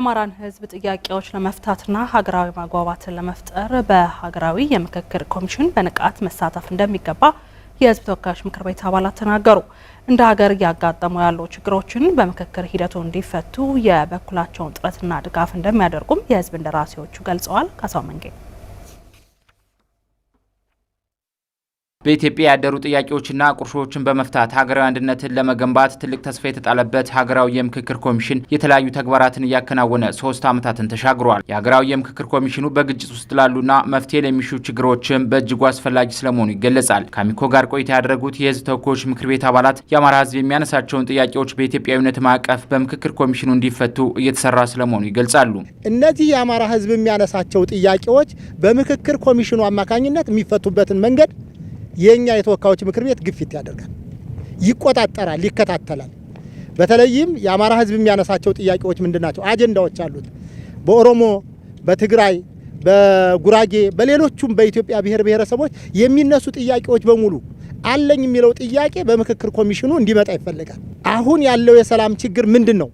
የአማራን ህዝብ ጥያቄዎች ለመፍታትና ሀገራዊ ማግባባትን ለመፍጠር በሀገራዊ የምክክር ኮሚሽን በንቃት መሳተፍ እንደሚገባ የህዝብ ተወካዮች ምክር ቤት አባላት ተናገሩ። እንደ ሀገር እያጋጠሙ ያሉ ችግሮችን በምክክር ሂደቱ እንዲፈቱ የበኩላቸውን ጥረትና ድጋፍ እንደሚያደርጉም የህዝብ እንደራሴዎቹ ገልጸዋል። ካሳው መንጌ በኢትዮጵያ ያደሩ ጥያቄዎችና ቁርሾችን በመፍታት ሀገራዊ አንድነትን ለመገንባት ትልቅ ተስፋ የተጣለበት ሀገራዊ የምክክር ኮሚሽን የተለያዩ ተግባራትን እያከናወነ ሶስት ዓመታትን ተሻግሯል። የሀገራዊ የምክክር ኮሚሽኑ በግጭት ውስጥ ላሉና መፍትሄ ለሚሹ ችግሮችም በእጅጉ አስፈላጊ ስለመሆኑ ይገለጻል። ከአሚኮ ጋር ቆይታ ያደረጉት የህዝብ ተወካዮች ምክር ቤት አባላት የአማራ ህዝብ የሚያነሳቸውን ጥያቄዎች በኢትዮጵያዊነት ማዕቀፍ በምክክር ኮሚሽኑ እንዲፈቱ እየተሰራ ስለመሆኑ ይገልጻሉ። እነዚህ የአማራ ህዝብ የሚያነሳቸው ጥያቄዎች በምክክር ኮሚሽኑ አማካኝነት የሚፈቱበትን መንገድ የእኛ የተወካዮች ምክር ቤት ግፊት ያደርጋል፣ ይቆጣጠራል፣ ይከታተላል። በተለይም የአማራ ህዝብ የሚያነሳቸው ጥያቄዎች ምንድን ናቸው? አጀንዳዎች አሉት። በኦሮሞ፣ በትግራይ፣ በጉራጌ፣ በሌሎቹም በኢትዮጵያ ብሔር ብሔረሰቦች የሚነሱ ጥያቄዎች በሙሉ አለኝ የሚለው ጥያቄ በምክክር ኮሚሽኑ እንዲመጣ ይፈልጋል። አሁን ያለው የሰላም ችግር ምንድን ነው?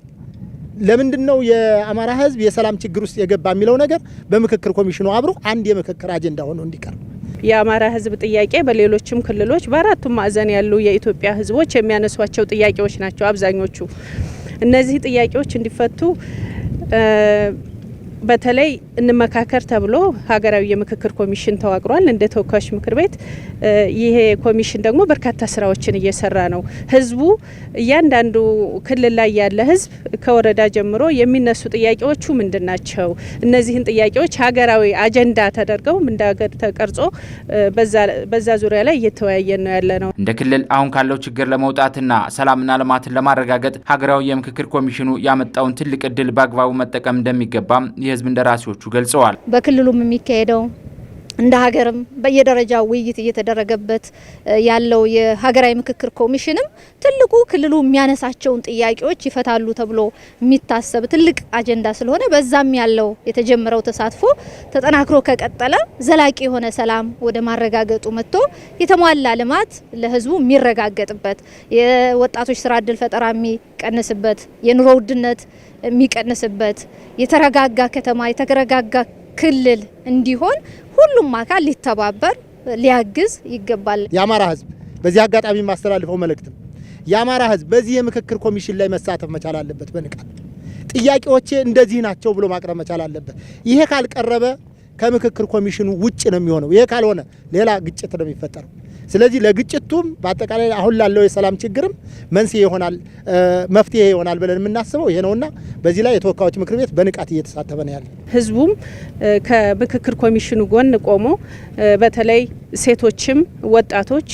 ለምንድን ነው የአማራ ህዝብ የሰላም ችግር ውስጥ የገባ የሚለው ነገር በምክክር ኮሚሽኑ አብሮ አንድ የምክክር አጀንዳ ሆኖ እንዲቀርብ የአማራ ህዝብ ጥያቄ በሌሎችም ክልሎች በአራቱም ማዕዘን ያሉ የኢትዮጵያ ህዝቦች የሚያነሷቸው ጥያቄዎች ናቸው አብዛኞቹ። እነዚህ ጥያቄዎች እንዲፈቱ በተለይ እንመካከር ተብሎ ሀገራዊ የምክክር ኮሚሽን ተዋቅሯል እንደ ተወካዮች ምክር ቤት። ይሄ ኮሚሽን ደግሞ በርካታ ስራዎችን እየሰራ ነው። ህዝቡ እያንዳንዱ ክልል ላይ ያለ ህዝብ ከወረዳ ጀምሮ የሚነሱ ጥያቄዎቹ ምንድን ናቸው? እነዚህን ጥያቄዎች ሀገራዊ አጀንዳ ተደርገው እንደ ሀገር ተቀርጾ በዛ ዙሪያ ላይ እየተወያየን ነው ያለ ነው። እንደ ክልል አሁን ካለው ችግር ለመውጣትና ሰላምና ልማትን ለማረጋገጥ ሀገራዊ የምክክር ኮሚሽኑ ያመጣውን ትልቅ እድል በአግባቡ መጠቀም እንደሚገባም የህዝብ እንደራሴዎቹ ገልጸዋል። በክልሉም የሚካሄደው እንደ ሀገርም በየደረጃው ውይይት እየተደረገበት ያለው የሀገራዊ ምክክር ኮሚሽንም ትልቁ ክልሉ የሚያነሳቸውን ጥያቄዎች ይፈታሉ ተብሎ የሚታሰብ ትልቅ አጀንዳ ስለሆነ በዛም ያለው የተጀመረው ተሳትፎ ተጠናክሮ ከቀጠለ ዘላቂ የሆነ ሰላም ወደ ማረጋገጡ መጥቶ የተሟላ ልማት ለህዝቡ የሚረጋገጥበት የወጣቶች ስራ እድል ፈጠራ የሚቀንስበት፣ የኑሮ ውድነት የሚቀንስበት፣ የተረጋጋ ከተማ የተረጋጋ ክልል እንዲሆን ሁሉም አካል ሊተባበር ሊያግዝ ይገባል። የአማራ ህዝብ በዚህ አጋጣሚ የማስተላልፈው መልእክት ነው። የአማራ ህዝብ በዚህ የምክክር ኮሚሽን ላይ መሳተፍ መቻል አለበት። በንቃት ጥያቄዎቼ እንደዚህ ናቸው ብሎ ማቅረብ መቻል አለበት። ይሄ ካልቀረበ ከምክክር ኮሚሽኑ ውጭ ነው የሚሆነው። ይሄ ካልሆነ ሌላ ግጭት ነው የሚፈጠረው። ስለዚህ ለግጭቱም በአጠቃላይ አሁን ላለው የሰላም ችግርም መንስኤ ይሆናል፣ መፍትሄ ይሆናል ብለን የምናስበው ይሄ ነውና በዚህ ላይ የተወካዮች ምክር ቤት በንቃት እየተሳተፈ ነው ያለ። ህዝቡም ከምክክር ኮሚሽኑ ጎን ቆሞ በተለይ ሴቶችም፣ ወጣቶች፣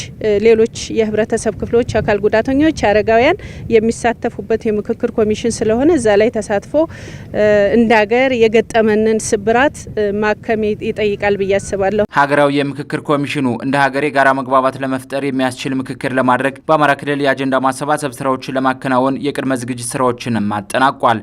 ሌሎች የህብረተሰብ ክፍሎች፣ አካል ጉዳተኞች፣ አረጋውያን የሚሳተፉበት የምክክር ኮሚሽን ስለሆነ እዛ ላይ ተሳትፎ እንደ ሀገር የገጠመንን ስብራት ማከም ይጠይቃል ብዬ አስባለሁ። ሀገራዊ የምክክር ኮሚሽኑ እንደ ሀገር የጋራ መግባ መግባባት ለመፍጠር የሚያስችል ምክክር ለማድረግ በአማራ ክልል የአጀንዳ ማሰባሰብ ስራዎችን ለማከናወን የቅድመ ዝግጅት ስራዎችንም አጠናቋል።